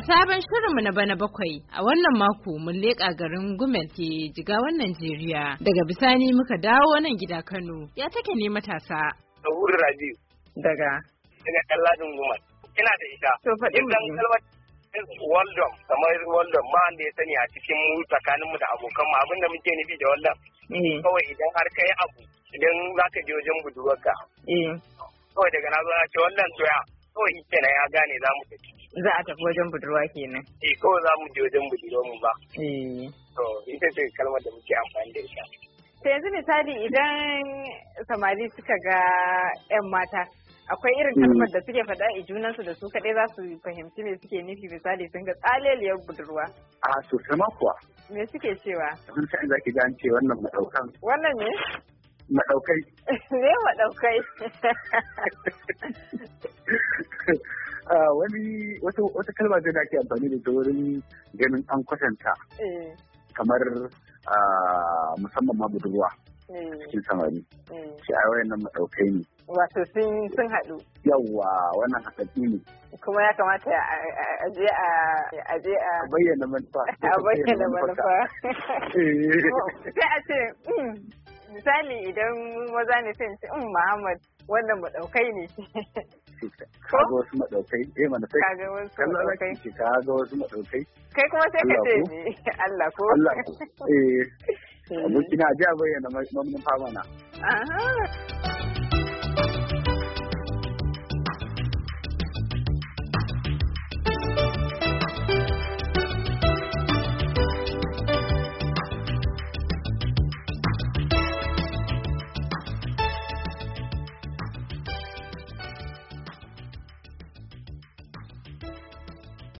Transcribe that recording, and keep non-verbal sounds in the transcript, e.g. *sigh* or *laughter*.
A sabon shirinmu na bana bakwai a wannan mako mun leƙa garin Gumel ke jigawan Najeriya. Daga bisani muka dawo nan gida Kano. Ya take ne matasa. Zuhur Rabiu. Daga. Daga Kalladin Gumel. Ina da ita. To faɗi mu. Waldom kamar Waldom ma wanda ya sani a cikin mu tsakanin mu da abokan mu abinda muke nufi da Waldom. Eh. Kawai idan har kai abu idan za ka je wajen budurwarka. Eh. Kawai daga na zo na ce Waldom to ya kawai ita na ya gane za mu tafi. Za a tafi wajen budurwa kenan. Eh kawai za mu je wajen budurwa mu ba. Eh. To ita ce kalmar da muke amfani da ita. Ta yanzu misali idan samari suka ga 'yan mata akwai irin hmm. kalmar da suke faɗa a eh, junansu da su kaɗai za su fahimci me suke nufi misali sun ga tsaleliyar budurwa. A sosai sama kuwa. Me suke cewa? Wani sa'in za ki gane wannan maɗaukan. Wannan ne? Maɗaukai. Ne *laughs* maɗaukai. *laughs* Ah, wani wata kalma ce da ake amfani da ta wurin ganin an kwatanta eh. kamar ah, musamman ma budurwa eh. cikin samari eh. shi a wayan nan maɗaukai ne wato sun haɗu yawwa wannan hasabi ne kuma ya kamata a je a je a bayyana manufa a bayyana manufa *laughs* *laughs* sai a ce hmm, misali idan maza ne sai ce in mm, Muhammad wannan madaukai ne *laughs* kaga wasu madaukai eh mana sai kaga wasu madaukai kaga wasu madaukai kai kuma sai ka ce ni Allah ko Allah ko eh *laughs* kina ji a bayyana fama na aha